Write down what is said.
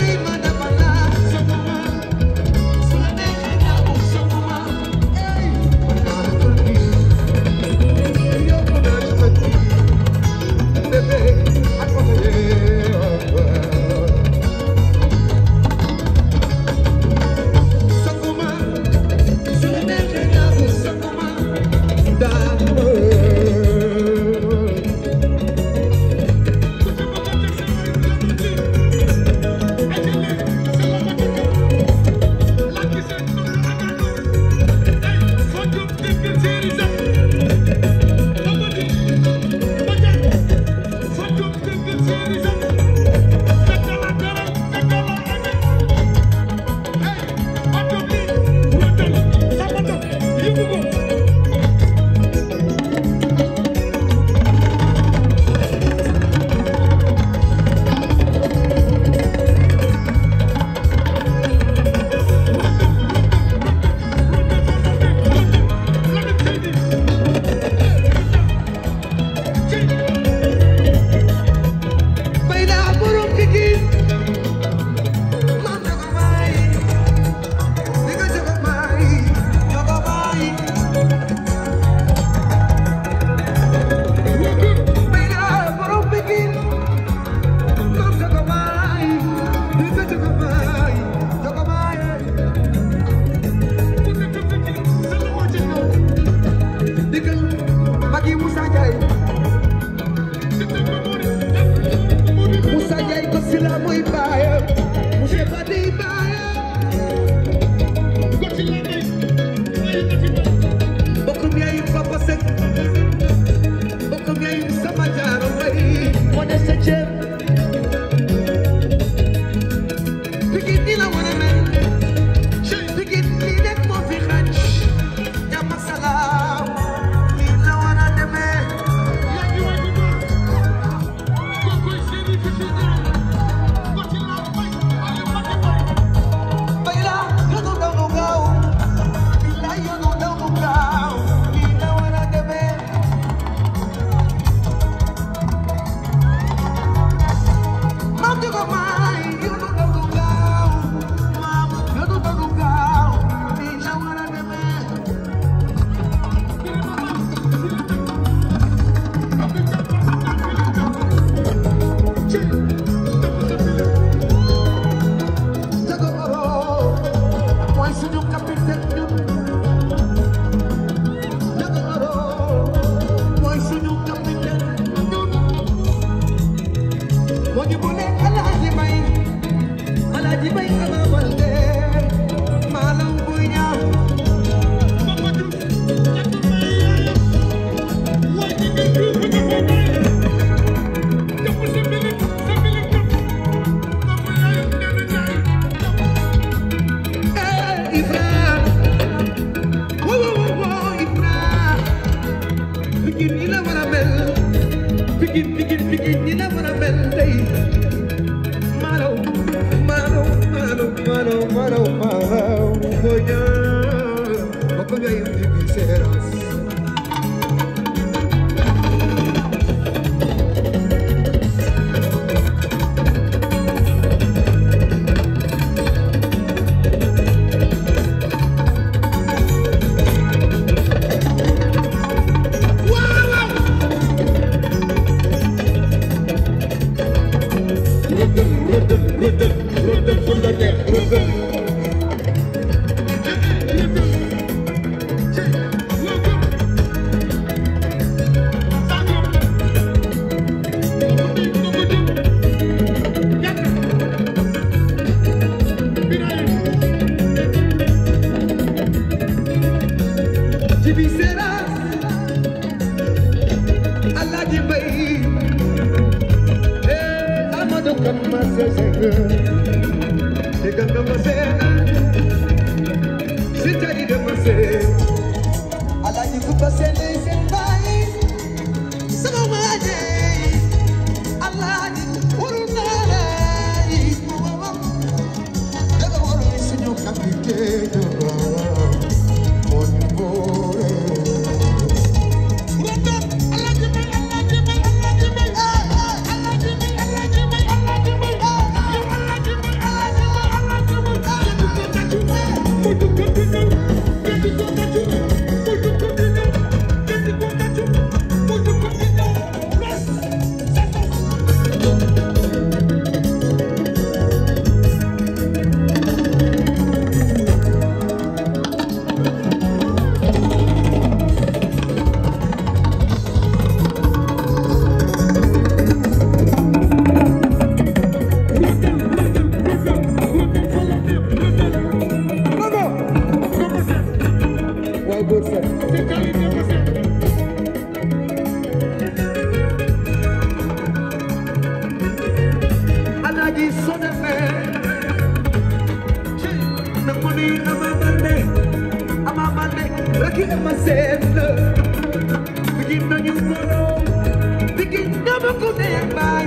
see my titties ñi na mën a mel tey maalaw maalaw maalaw maalaw maalaw maalaw ko ñaa ko ngay dégg seera Let my sister girl Big Mouth.